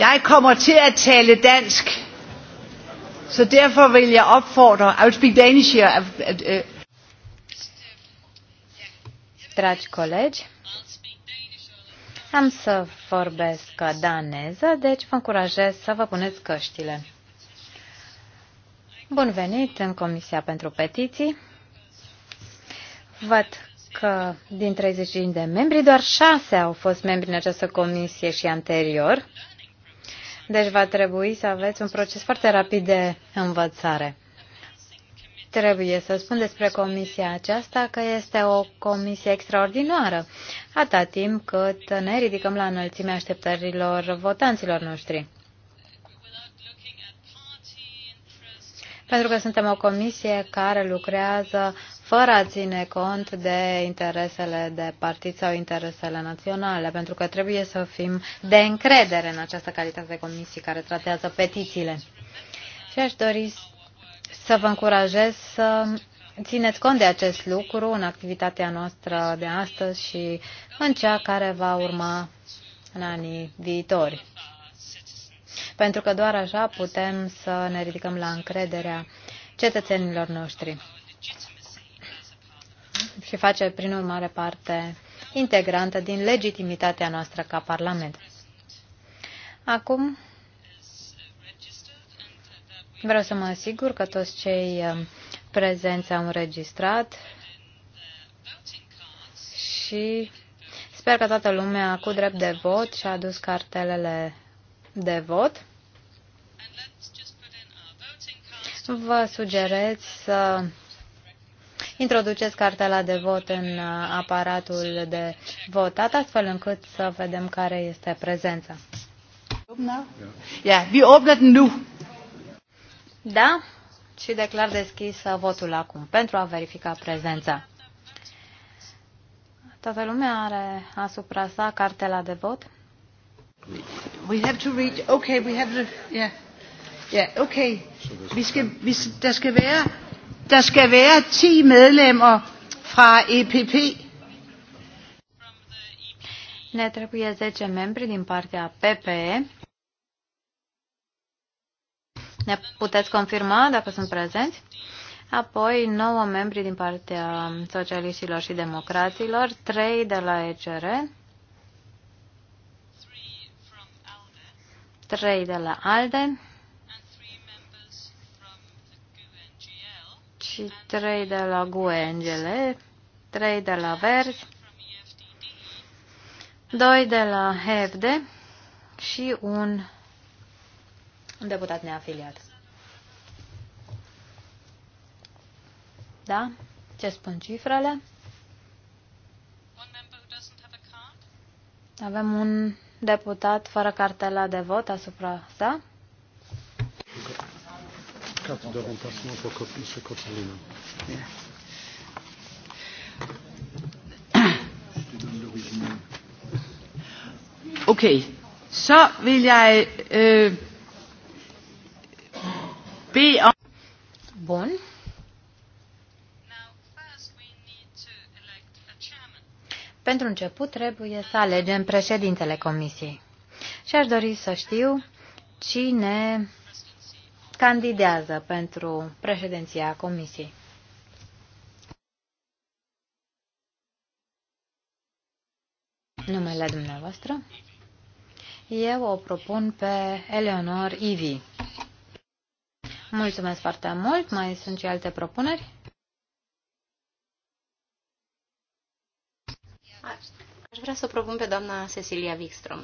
Jeg kommer til at tale dansk, så derfor vil jeg opfordre... I will speak Danish here. Dragi colegi, am să vorbesc daneză, deci vă încurajez să vă puneți căștile. Bun venit în Comisia pentru Petiții. Văd că din 35 de membri, doar 6 au fost membri în această comisie și anterior. Deci va trebui să aveți un proces foarte rapid de învățare. Trebuie să spun despre comisia aceasta că este o comisie extraordinară, atâta timp cât ne ridicăm la înălțimea așteptărilor votanților noștri. Pentru că suntem o comisie care lucrează fără a ține cont de interesele de partid sau interesele naționale, pentru că trebuie să fim de încredere în această calitate de comisii care tratează petițiile. Și aș dori să vă încurajez să țineți cont de acest lucru în activitatea noastră de astăzi și în cea care va urma în anii viitori. Pentru că doar așa putem să ne ridicăm la încrederea cetățenilor noștri și face prin urmare parte integrantă din legitimitatea noastră ca Parlament. Acum vreau să mă asigur că toți cei uh, prezenți au înregistrat și sper că toată lumea cu drept de vot și-a adus cartelele de vot. Vă sugerez să introduceți cartela de vot în uh, aparatul de votat, astfel încât să vedem care este prezența. nu. Da, și declar deschis votul acum pentru a verifica prezența. Toată lumea are asupra sa cartela de vot. We have to read. Okay, we have to. Yeah. Yeah, okay. Vi skal, vi, der skal være der skal være 10 medlemmer fra EPP. Ne trebuie 10 membri din partea PPE. Ne puteți confirma dacă sunt prezenți? Apoi 9 membri din partea socialiștilor și democraților, 3 de la ECR, 3 de la ALDE, și 3 de la GUE NGL, 3 de la Verzi, 2 de la HFD și un deputat neafiliat. Da? Ce spun cifrele? Avem un deputat fără cartela de vot asupra sa de remplacement pour Okay, så vil jeg øh, bede om... Bun. Pentru început trebuie să alegem președintele comisiei. Și aș dori să știu cine candidează pentru președinția Comisiei. Numele dumneavoastră? Eu o propun pe Eleonor Ivi. Mulțumesc foarte mult. Mai sunt și alte propuneri? Aș vrea să o propun pe doamna Cecilia Wikström.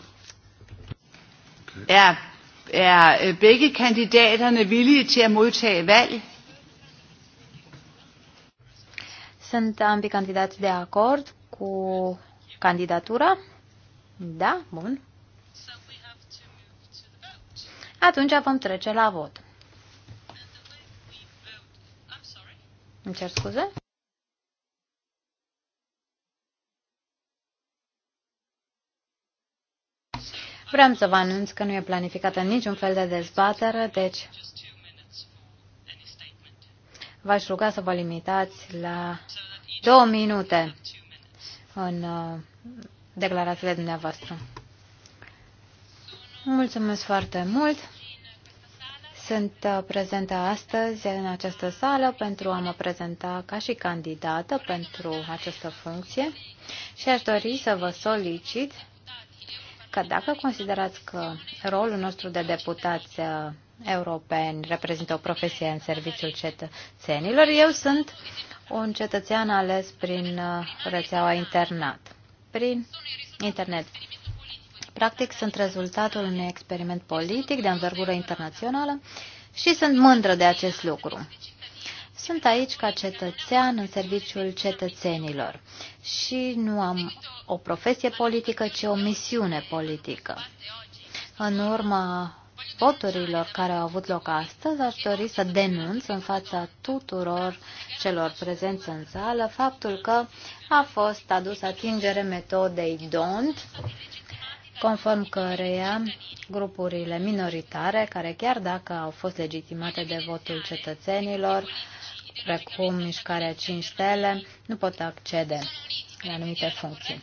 Yeah. Er øh, begge kandidaterne villige til at modtage valg? Sunt ambii candidați de acord cu candidatura? Da, bun. Atunci vom trece la vot. Îmi cer scuze? Vreau să vă anunț că nu e planificată niciun fel de dezbatere, deci v-aș ruga să vă limitați la două minute în uh, declarațiile dumneavoastră. Mulțumesc foarte mult! Sunt uh, prezentă astăzi în această sală pentru a mă prezenta ca și candidată pentru această funcție și aș dori să vă solicit că dacă considerați că rolul nostru de deputați uh, europeni reprezintă o profesie în serviciul cetățenilor, eu sunt un cetățean ales prin uh, rețeaua internat, prin internet. Practic sunt rezultatul unui experiment politic de învergură internațională și sunt mândră de acest lucru. Sunt aici ca cetățean în serviciul cetățenilor și nu am o profesie politică, ci o misiune politică. În urma voturilor care au avut loc astăzi, aș dori să denunț în fața tuturor celor prezenți în sală faptul că a fost adus atingere metodei DONT conform căreia grupurile minoritare, care chiar dacă au fost legitimate de votul cetățenilor, precum mișcarea 5 stele, nu pot accede la anumite funcții.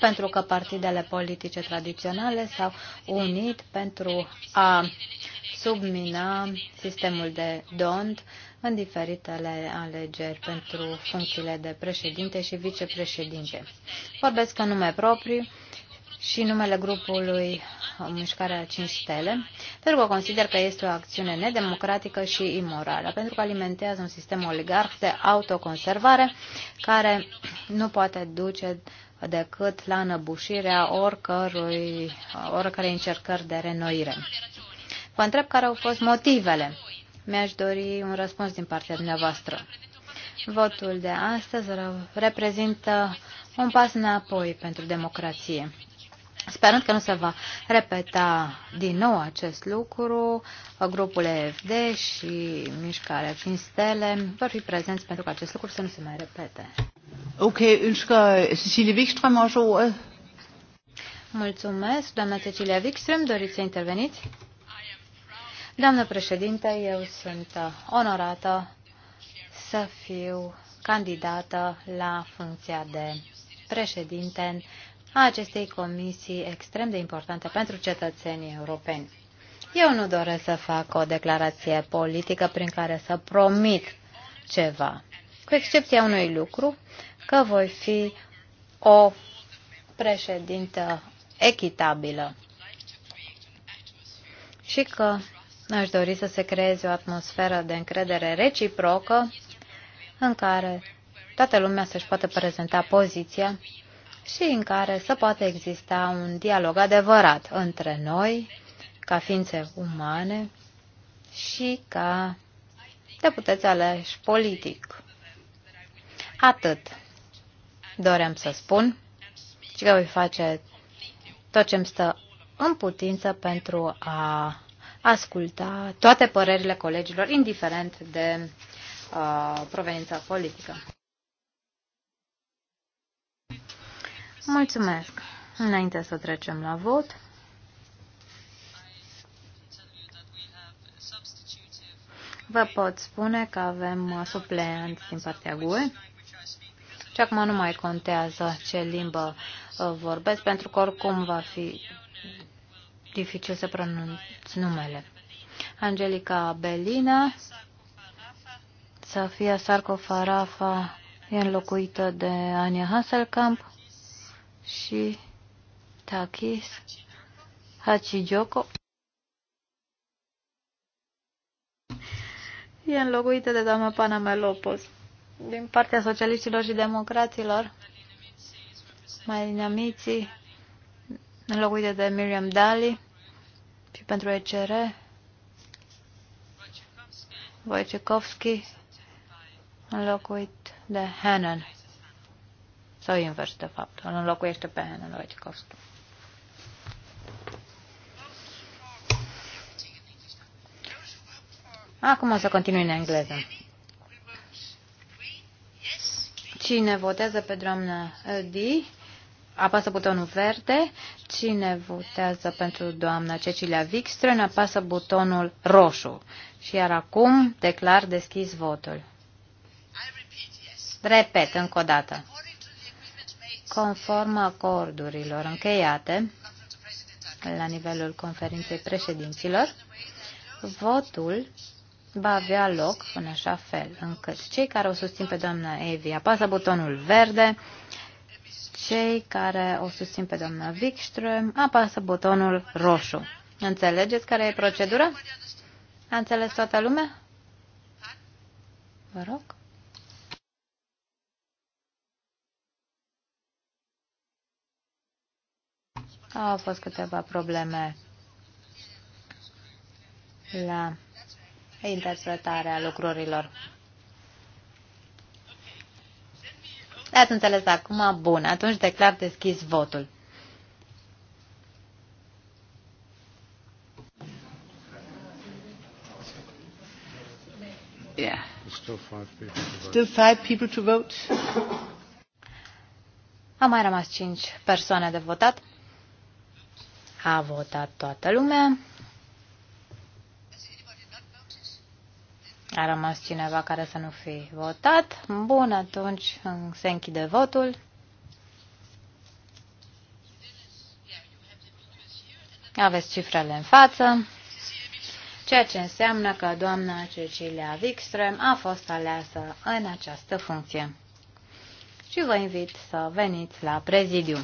Pentru că partidele politice tradiționale s-au unit pentru a submina sistemul de DONT în diferitele alegeri pentru funcțiile de președinte și vicepreședinte. Vorbesc în nume propriu și numele grupului Mișcarea 5 Stele, pentru că consider că este o acțiune nedemocratică și imorală, pentru că alimentează un sistem oligarh de autoconservare care nu poate duce decât la înăbușirea oricărui, oricărei încercări de renoire. Vă întreb care au fost motivele. Mi-aș dori un răspuns din partea dumneavoastră. Votul de astăzi reprezintă un pas înapoi pentru democrație. Sperând că nu se va repeta din nou acest lucru, grupul EFD și Mișcarea Finstele vor fi prezenți pentru că acest lucru să nu se mai repete. Ok, înșcă Cecilie Wikström așa ordet. Mulțumesc, doamna Cecilia Wikström, doriți să interveniți? Doamnă președinte, eu sunt onorată să fiu candidată la funcția de președinte a acestei comisii extrem de importante pentru cetățenii europeni. Eu nu doresc să fac o declarație politică prin care să promit ceva, cu excepția unui lucru, că voi fi o președintă echitabilă și că aș dori să se creeze o atmosferă de încredere reciprocă în care toată lumea să-și poată prezenta poziția și în care să poată exista un dialog adevărat între noi, ca ființe umane și ca deputeți aleși politic. Atât doream să spun și că voi face tot ce îmi stă în putință pentru a asculta toate părerile colegilor, indiferent de uh, proveniența politică. Mulțumesc. Înainte să trecem la vot, vă pot spune că avem supleanți din partea GUE și acum nu mai contează ce limbă uh, vorbesc, pentru că oricum va fi dificil să pronunț numele. Angelica Belina, Safia Sarcofarafa e înlocuită de Ania Hasselkamp, și Takis Hachijoko e înlocuită de doamna Panamelopos. Din partea socialiștilor și democraților, mai dinamiții, înlocuită de Miriam Dali și pentru ECR, Wojciechowski, înlocuit de Hannon. Sau invers, de fapt. Îl înlocuiește pe Helen Wojciechowski. Acum o să continui în engleză. Cine votează pe doamna D? apasă butonul verde. Cine votează pentru doamna Cecilia Wikström, apasă butonul roșu. Și iar acum declar deschis votul. Repet încă o dată conform acordurilor încheiate la nivelul conferinței președinților, votul va avea loc în așa fel încât cei care o susțin pe doamna Evi apasă butonul verde, cei care o susțin pe doamna Wikström apasă butonul roșu. Înțelegeți care e procedura? A înțeles toată lumea? Vă rog. Au fost câteva probleme la interpretarea lucrurilor. Ați înțeles acum? Bun, atunci declar deschis votul. Yeah. Still five people to vote. Still five people to vote. mai rămas cinci persoane de votat. A votat toată lumea. A rămas cineva care să nu fi votat. Bun, atunci se închide votul. Aveți cifrele în față, ceea ce înseamnă că doamna Cecilia Wikström a fost aleasă în această funcție. Și vă invit să veniți la prezidiu.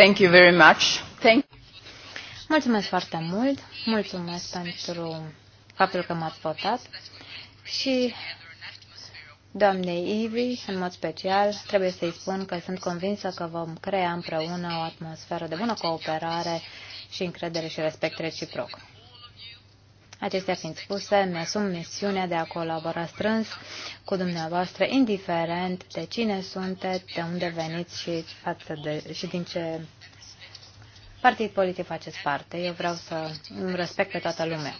Thank you very much. Thank Mulțumesc foarte mult. Mulțumesc pentru faptul că m-ați votat și doamnei Ivi, în mod special, trebuie să-i spun că sunt convinsă că vom crea împreună o atmosferă de bună cooperare și încredere și respect reciproc. Acestea fiind spuse, mi-asum misiunea de a colabora strâns cu dumneavoastră, indiferent de cine sunteți, de unde veniți și, față de, și din ce partid politic faceți parte. Eu vreau să îmi respect pe toată lumea.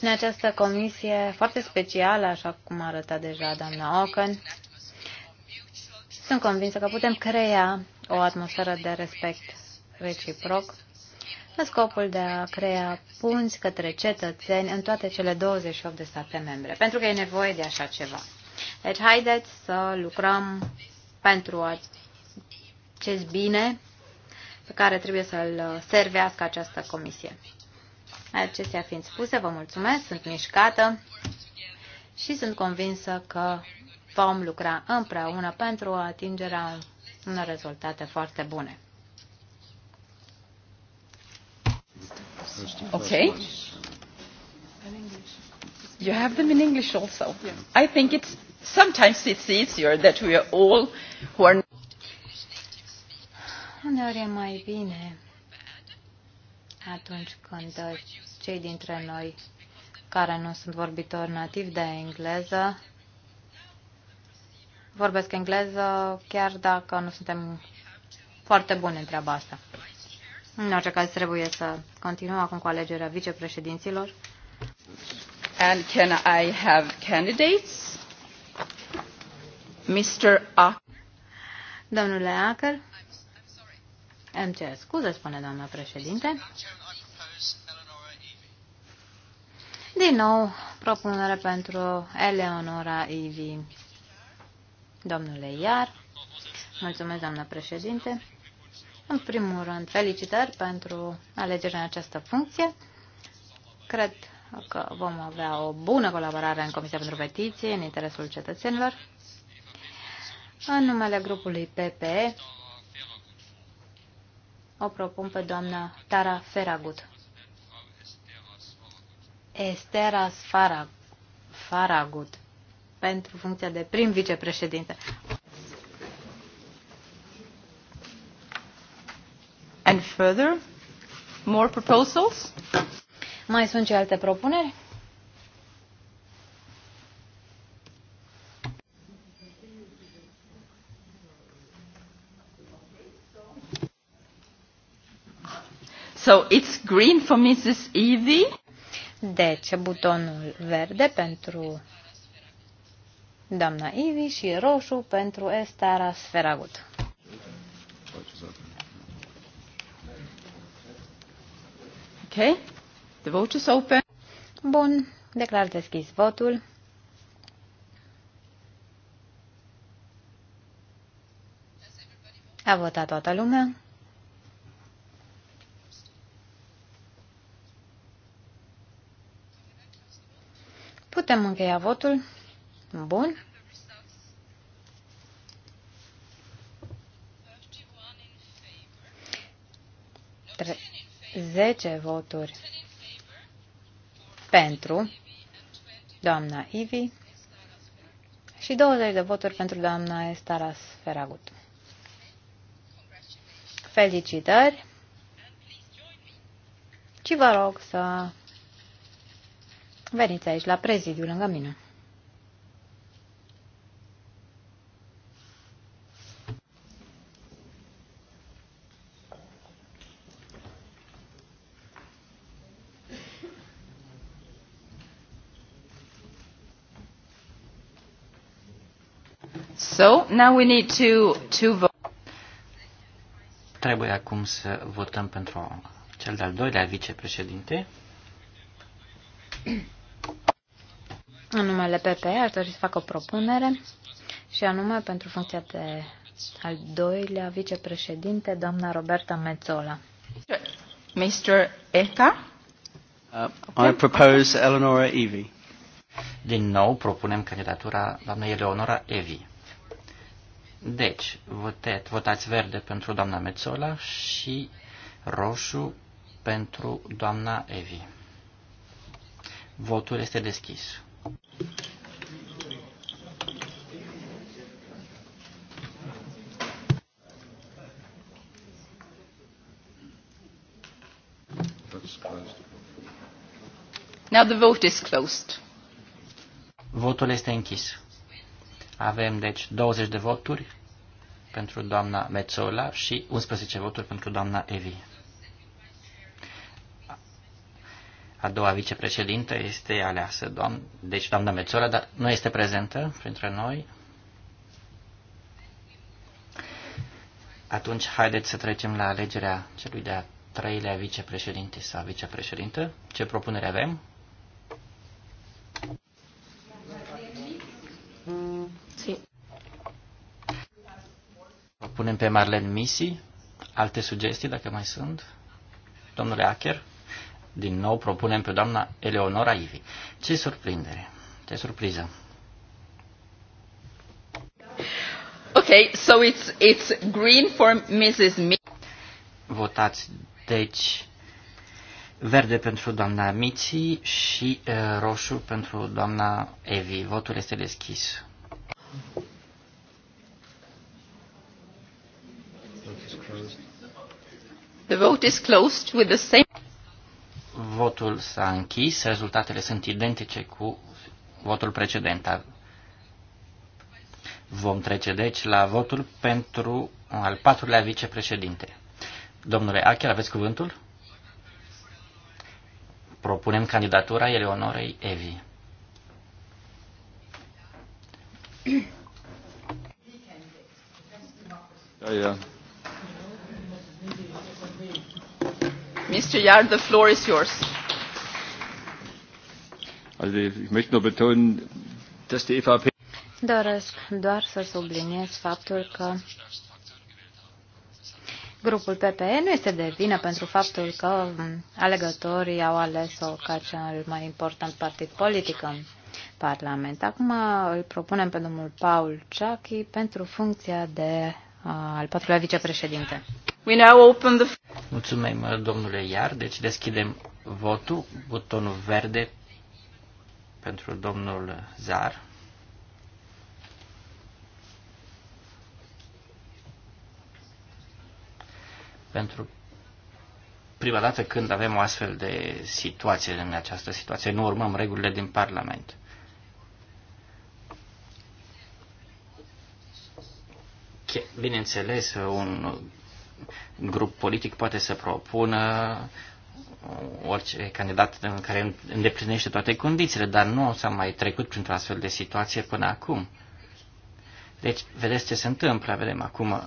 În această comisie foarte specială, așa cum arăta deja doamna Ocken, sunt convinsă că putem crea o atmosferă de respect reciproc în scopul de a crea punți către cetățeni în toate cele 28 de state membre, pentru că e nevoie de așa ceva. Deci haideți să lucrăm pentru acest bine pe care trebuie să-l servească această comisie. Acestea fiind spuse, vă mulțumesc, sunt mișcată și sunt convinsă că vom lucra împreună pentru atingerea unor rezultate foarte bune. Okay. You have them in English also. Yeah. I think it's sometimes it's easier that we are all who are. Uneori e mai bine atunci când cei dintre noi care nu sunt vorbitori nativi de engleză vorbesc engleză chiar dacă nu suntem foarte buni în treaba asta. În orice caz trebuie să continuăm acum cu alegerea vicepreședinților. And can I have candidates? Mr. Acker. Domnule Acker. Îmi cer scuze, spune doamna președinte. Din nou, propunere pentru Eleonora Ivi. Domnule Iar. Mulțumesc, doamna președinte. În primul rând, felicitări pentru alegerea în această funcție. Cred că vom avea o bună colaborare în Comisia pentru Petiție, în interesul cetățenilor. În numele grupului PPE o propun pe doamna Tara Feragut. Esteras Faragut pentru funcția de prim vicepreședinte. further? More proposals? Mai sunt și alte propuneri? So it's green for Mrs. Evie. Deci, butonul verde pentru doamna Ivi și roșu pentru Estara Sferagut. Okay. The vote is open. Bun. Declar deschis votul. A votat toată lumea. Putem încheia votul. Bun. 10 voturi pentru doamna Ivi și 20 de voturi pentru doamna Estaras Feragut. Felicitări și vă rog să veniți aici la prezidiu lângă mine. So, now we need to, to vote. Trebuie acum să votăm pentru cel de-al doilea vicepreședinte. În numele PP aș dori să fac o propunere și anume pentru funcția de al doilea vicepreședinte, doamna Roberta Mezzola. Mr. Eta? Uh, okay. I propose Eleonora Evie. Din nou propunem candidatura doamnei Eleonora Evie. Deci, votet, votați verde pentru doamna Mețola și roșu pentru doamna Evi. Votul este deschis. Now the vote is closed. Votul este închis. Avem, deci, 20 de voturi pentru doamna Mețola și 11 voturi pentru doamna Evi. A doua vicepreședintă este aleasă, doamn, deci doamna Mețola, dar nu este prezentă printre noi. Atunci, haideți să trecem la alegerea celui de-a treilea vicepreședinte sau vicepreședintă. Ce propunere avem? punem pe Marlen Misi. Alte sugestii, dacă mai sunt? Domnule Acher, din nou propunem pe doamna Eleonora Ivi. Ce surprindere! Ce surpriză! Okay, so it's, it's green for Mrs. Mi Votați, deci, verde pentru doamna Mici și uh, roșu pentru doamna Evi. Votul este deschis. The vote is closed with the same... Votul s-a închis, rezultatele sunt identice cu votul precedent. Vom trece deci la votul pentru al patrulea vicepreședinte. Domnule Acher, aveți cuvântul? Propunem candidatura Eleonorei Evi. yeah, yeah. Mr. Jahr, the floor is yours. Also ich möchte nur betonen, dass die EVP Doresc doar să subliniez faptul că grupul PPE nu este de vină pentru faptul că alegătorii au ales-o ca cel mai important partid politic în Parlament. Acum îl propunem pe domnul Paul Ciachi pentru funcția de uh, al patrulea vicepreședinte. We now open the... Mulțumim, domnule Iar. Deci deschidem votul, butonul verde pentru domnul Zar. Pentru prima dată când avem o astfel de situație, în această situație, nu urmăm regulile din Parlament. Bineînțeles, un grup politic poate să propună uh, orice candidat care îndeplinește toate condițiile, dar nu s-a mai trecut printr-o astfel de situație până acum. Deci, vedeți ce se întâmplă. Vedem acum, uh,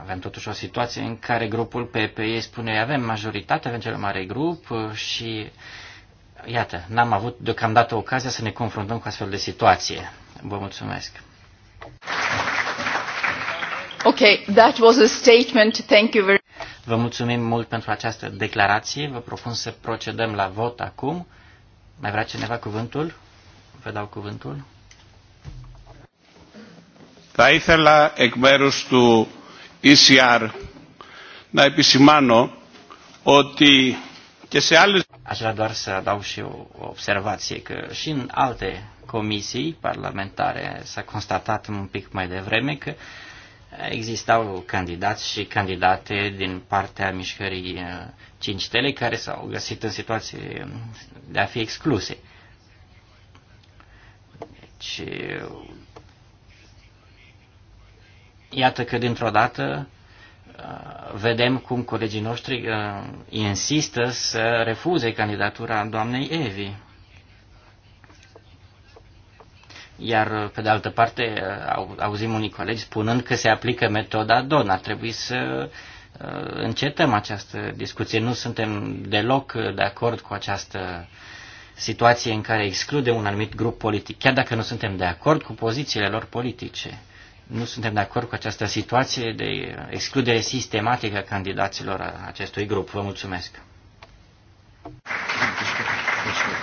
avem totuși o situație în care grupul PPE spune, avem majoritate, avem cel mare grup uh, și, iată, n-am avut deocamdată ocazia să ne confruntăm cu astfel de situație. Vă mulțumesc! Okay, that was a statement. Thank you very Vă mulțumim mult pentru această declarație. Vă propun să procedăm la vot acum. Mai vrea cineva cuvântul? Vă dau cuvântul. Θα ήθελα εκ μέρους του ECR να επισημάνω ότι και σε άλλες... Aș vrea doar să dau și o observație că și în alte comisii parlamentare s-a constatat un pic mai devreme că existau candidați și candidate din partea mișcării uh, Cinci stele care s-au găsit în situație de a fi excluse. Deci, uh, iată că dintr-o dată uh, vedem cum colegii noștri insistă să refuze candidatura doamnei Evi. Iar, uh, pe de altă parte, uh, auzim unii colegi spunând că se aplică metoda DON. Ar trebui să uh, încetăm această discuție. Nu suntem deloc de acord cu această situație în care exclude un anumit grup politic, chiar dacă nu suntem de acord cu pozițiile lor politice. Nu suntem de acord cu această situație de excludere sistematică a candidaților acestui grup. Vă mulțumesc.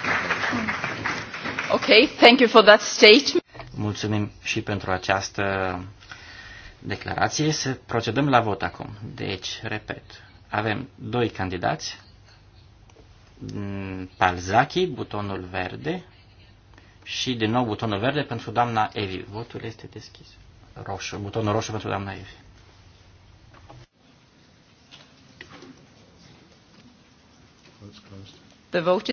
Ok, thank you for that statement. Mulțumim și pentru această declarație. Să procedăm la vot acum. Deci, repet, avem doi candidați. Mm, Palzaki, butonul verde și din nou butonul verde pentru doamna Evi. Votul este deschis. Roșu, butonul roșu pentru doamna Evi. The vote